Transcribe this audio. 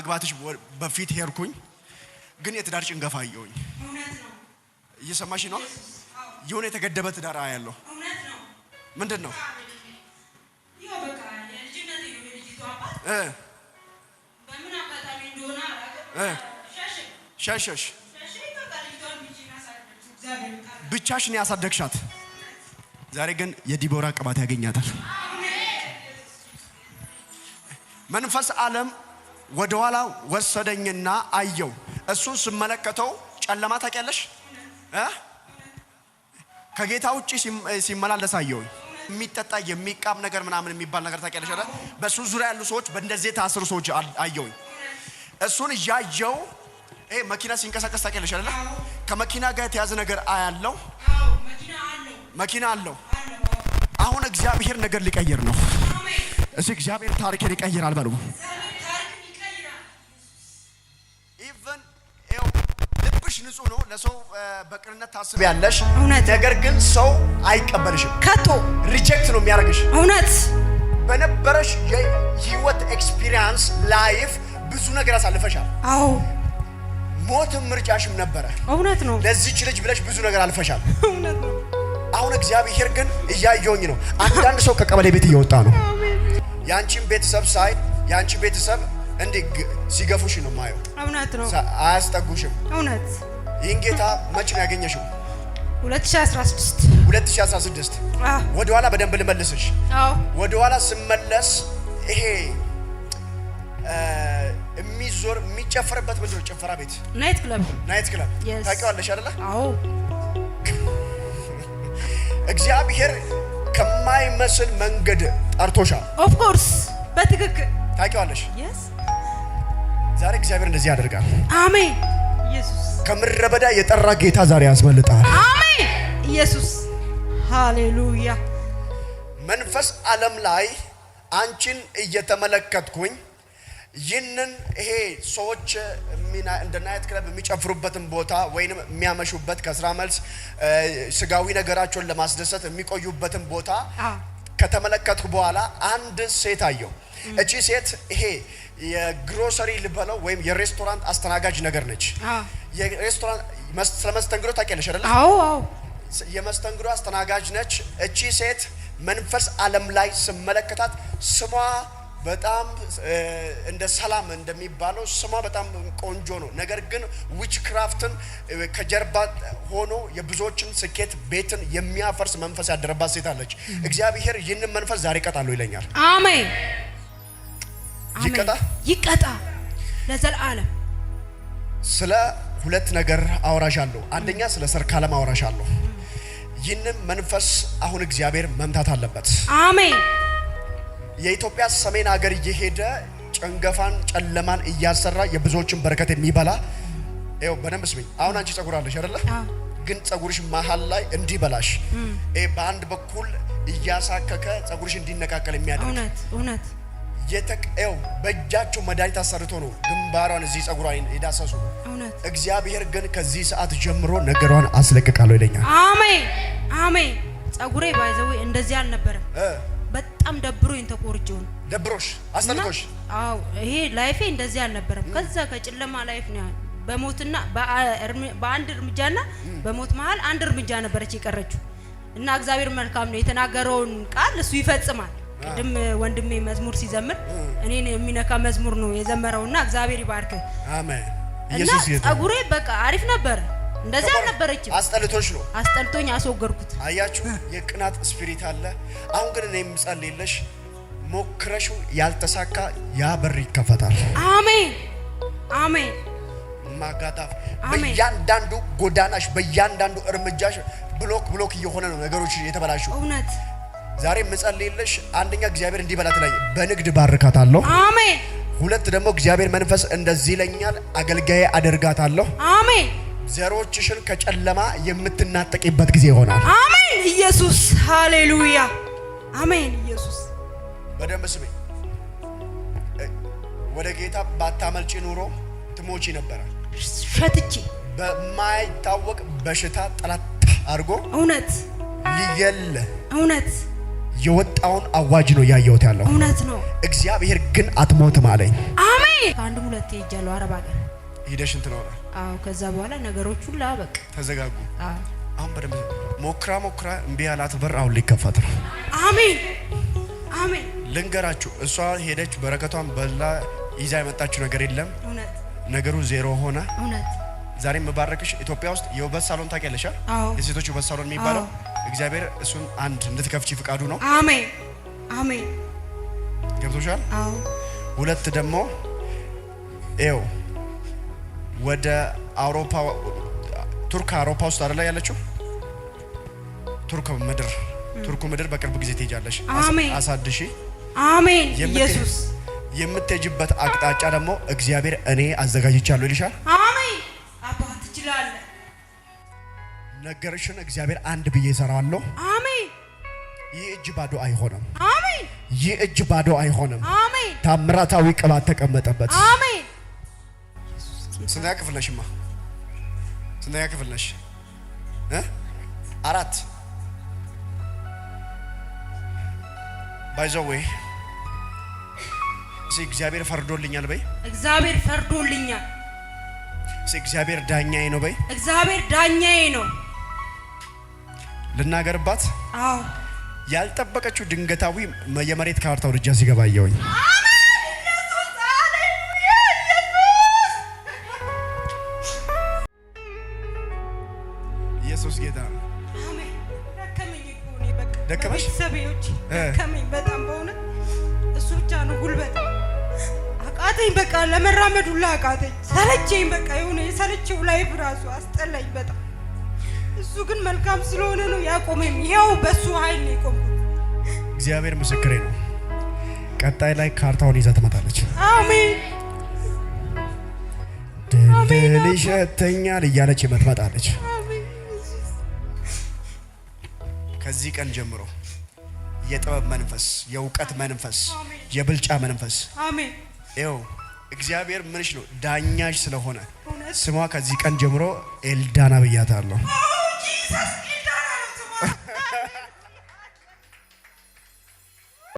ከማግባትሽ በፊት ሄርኩኝ፣ ግን የትዳር ጭንገፋ አየሁኝ። እየሰማሽ ነው? የሆነ የተገደበ ትዳር ያለው ምንድን ነው? ሸሸሽ ብቻሽን ያሳደግሻት። ዛሬ ግን የዲቦራ ቅባት ያገኛታል መንፈስ ዓለም ወደ ኋላ ወሰደኝና አየው። እሱን ስመለከተው ጨለማ ታውቂያለሽ? ከጌታ ውጭ ሲመላለስ አየው። የሚጠጣ የሚቃም ነገር ምናምን የሚባል ነገር ታውቂያለሽ? በእሱ ዙሪያ ያሉ ሰዎች በእንደዚህ ታስሩ ሰዎች አየውኝ። እሱን እያየው ይሄ መኪና ሲንቀሳቀስ ታውቂያለሽ አይደለ? ከመኪና ጋር የተያዘ ነገር አያለው። መኪና አለው። አሁን እግዚአብሔር ነገር ሊቀይር ነው። እዚህ እግዚአብሔር ታሪክን ይቀይራል በሉ ንጹህ ነው። ለሰው በቅንነት ታስቢያለሽ። እውነት ነገር ግን ሰው አይቀበልሽም ከቶ ሪጀክት ነው የሚያደርግሽ። እውነት በነበረሽ የህይወት ኤክስፒሪየንስ ላይፍ ብዙ ነገር አሳልፈሻል። አዎ ሞትም ምርጫሽም ነበረ። እውነት ነው። ለዚች ልጅ ብለሽ ብዙ ነገር አልፈሻል። እውነት ነው። አሁን እግዚአብሔር ግን እያየውኝ ነው። አንዳንድ ሰው ከቀበሌ ቤት እየወጣ ነው። ያንቺን ቤተሰብ ሳይ ያንቺ ቤተሰብ እንዴ ሲገፉሽ ነው ማየው። እውነት ነው። አያስጠጉሽም። እውነት ይህን ጌታ መቼ ነው ያገኘሽው? 2016 2016 ወደ ኋላ በደንብ ልመልስሽ። አዎ ወደ ኋላ ስመለስ ይሄ የሚዞር የሚጨፈርበት ምንድን ነው? ጭፈራ ቤት ናይት ክለብ፣ ናይት ክለብ ታውቂዋለሽ አይደለ? አዎ እግዚአብሔር ከማይመስል መንገድ ጠርቶሻል። ኦፍ ኮርስ በትክክል ታውቂዋለሽ። ዛሬ እግዚአብሔር እንደዚህ ያደርጋል። አሜን። ኢየሱስ ከምድረ በዳ የጠራ ጌታ ዛሬ ያስመልጣል። አሜን። ኢየሱስ ሃሌሉያ። መንፈስ ዓለም ላይ አንቺን እየተመለከትኩኝ ይህንን ይሄ ሰዎች እንደ ናይት ክለብ የሚጨፍሩበትን ቦታ ወይንም የሚያመሹበት ከስራ መልስ ስጋዊ ነገራቸውን ለማስደሰት የሚቆዩበትን ቦታ ከተመለከትኩ በኋላ አንድ ሴት አየሁ። እቺ ሴት ይሄ የግሮሰሪ ልበለው ወይም የሬስቶራንት አስተናጋጅ ነገር ነች። የሬስቶራንት ስለ መስተንግዶ ታውቂያለሽ አይደል? አዎ አዎ። የመስተንግዶ አስተናጋጅ ነች። እቺ ሴት መንፈስ ዓለም ላይ ስመለከታት ስሟ በጣም እንደ ሰላም እንደሚባለው ስሟ በጣም ቆንጆ ነው። ነገር ግን ዊች ክራፍትን ከጀርባ ሆኖ የብዙዎችን ስኬት ቤትን የሚያፈርስ መንፈስ ያደረባት ሴት አለች። እግዚአብሔር ይህንን መንፈስ ዛሬ ይቀጣሉ ይለኛል። አሜን። ይቀጣ ይቀጣ ለዘላለም። ስለ ሁለት ነገር አወራሻለሁ። አንደኛ ስለ ሰርካለም አወራሻለሁ። ይህንን መንፈስ አሁን እግዚአብሔር መምታት አለበት። አሜን። የኢትዮጵያ ሰሜን ሀገር እየሄደ ጭንገፋን ጨለማን እያሰራ የብዙዎችን በረከት የሚበላ ይኸው፣ በደንብ ስሚኝ። አሁን አንቺ ጸጉር አለሽ አይደለ? ግን ጸጉርሽ መሀል ላይ እንዲበላሽ በአንድ በኩል እያሳከከ ጸጉርሽ እንዲነቃቀል የሚያደርግ እውነት እውነት የተቀየው በእጃቸው መድኃኒት አሰርቶ ነው። ግንባሯን እዚህ ጸጉሯን የዳሰሱ እግዚአብሔር ግን ከዚህ ሰዓት ጀምሮ ነገሯን አስለቅቃለሁ ይለኛል። አሜን አሜን። ጸጉሬ ባይዘው እንደዚህ አልነበረም። በጣም ደብሮኝ ተቆርጬውን ደብሮሽ አስለቅቆሽ። አዎ ይሄ ላይፌ እንደዚህ አልነበረም። ከዛ ከጨለማ ላይፍ ነው በሞትና በአንድ እርምጃና በሞት መሀል አንድ እርምጃ ነበረች የቀረችው እና እግዚአብሔር መልካም ነው። የተናገረውን ቃል እሱ ይፈጽማል። ቅድም ወንድሜ መዝሙር ሲዘምር እኔን የሚነካ መዝሙር ነው የዘመረውና እግዚአብሔር ይባርክ። አሜን። እና ጸጉሬ በቃ አሪፍ ነበረ። እንደዚህ አልነበረችም። አስጠልቶች ነው አስጠልቶኝ አስወገድኩት። አያችሁ፣ የቅናት ስፒሪት አለ። አሁን ግን እኔ የምጸልይልሽ ሞክረሹ ያልተሳካ ያ በር ይከፈታል። አሜን አሜን። ማጋታፍ በእያንዳንዱ ጎዳናሽ፣ በእያንዳንዱ እርምጃሽ ብሎክ ብሎክ እየሆነ ነው ነገሮች የተበላሹ እውነት ዛሬ ምጸልይልሽ አንደኛ እግዚአብሔር እንዲበላ በላት በንግድ ባርካታለሁ። አሜን። ሁለት ደግሞ እግዚአብሔር መንፈስ እንደዚህ ይለኛል አገልጋይ አደርጋታለሁ። አሜን። ዘሮችሽን ከጨለማ የምትናጠቂበት ጊዜ ይሆናል። አሜን። ኢየሱስ ሃሌሉያ። አሜን። ኢየሱስ በደንብ ስሜ ወደ ጌታ ባታመልጪ ኑሮ ትሞቺ ነበረ። ሸትቼ በማይታወቅ በሽታ ጠላት አድርጎ እውነት ይየለ እውነት የወጣውን አዋጅ ነው ያየሁት ያለው እውነት ነው። እግዚአብሔር ግን አትሞትም አለኝ። አሜን። ከአንድም ሁለት ሄጃለሁ። አረብ አገር ሄደሽ እንትን ሆነ። አዎ። ከዛ በኋላ ነገሮች ሁሉ በቃ ተዘጋጉ። አሁን በደንብ ሞክራ ሞክራ እምቢ ያላት በር አሁን ሊከፈት ነው። አሜን አሜን። ልንገራችሁ፣ እሷ ሄደች፣ በረከቷን በላ። ይዛ የመጣችው ነገር የለም። እውነት ነገሩ ዜሮ ሆነ። እውነት ዛሬ መባረክሽ ኢትዮጵያ ውስጥ የውበት ሳሎን ታውቂያለሽ? የሴቶች ውበት ሳሎን የሚባለው እግዚአብሔር እሱን አንድ እንድትከፍቺ ፍቃዱ ነው። አሜን አሜን። ገብቶሻል? አዎ። ሁለት ደግሞ ይኸው ወደ አውሮፓ ቱርክ አውሮፓ ውስጥ አይደለ ያለችው ቱርክ ምድር ቱርኩ ምድር በቅርብ ጊዜ ትሄጃለሽ። አሳድሺ። አሜን ኢየሱስ። የምትሄጅበት አቅጣጫ ደግሞ እግዚአብሔር እኔ አዘጋጅቻለሁ ይልሻል። አሜን አባት ትችላለህ። ነገርሽን እግዚአብሔር አንድ ብዬ እሰራለሁ። አሜን። ይህ እጅ ባዶ አይሆንም። አሜን። ይህ እጅ ባዶ አይሆንም። አሜን። ታምራታዊ ቅባት ተቀመጠበት። አሜን። ስንተኛ ክፍል ነሽማ? ስንተኛ ክፍል ነሽ? አራት ባይዘዌ እዚህ እግዚአብሔር ፈርዶልኛል በይ። እግዚአብሔር ፈርዶልኛል። እዚህ እግዚአብሔር ዳኛዬ ነው በይ። እግዚአብሔር ዳኛዬ ነው። ልናገርባት ያልጠበቀችው ድንገታዊ የመሬት ካርታ ውርጃ ሲገባ አየሁኝ። ኢየሱስ ጌታ ነው። ደከመሽ ደከመኝ፣ በጣም በእውነት እሱ ብቻ ነው ጉልበት። አቃተኝ፣ በቃ ለመራመዱላ አቃተኝ፣ ሰለቸኝ። በቃ የሆነ የሰለቸው ላይፍ ራሱ አስጠላኝ በጣም እሱ ግን መልካም ስለሆነ ነው ያቆመኝ። ይኸው በእሱ ኃይል ነው የቆምኩት። እግዚአብሔር ምስክሬ ነው። ቀጣይ ላይ ካርታውን ይዛ ትመጣለች። አሜን። ድልድል ይሸተኛል እያለች የምትመጣለች። ከዚህ ቀን ጀምሮ የጥበብ መንፈስ፣ የእውቀት መንፈስ፣ የብልጫ መንፈስ ይኸው እግዚአብሔር ምንሽ ነው ዳኛሽ ስለሆነ ስሟ ከዚህ ቀን ጀምሮ ኤልዳና ብያታለሁ። Jesus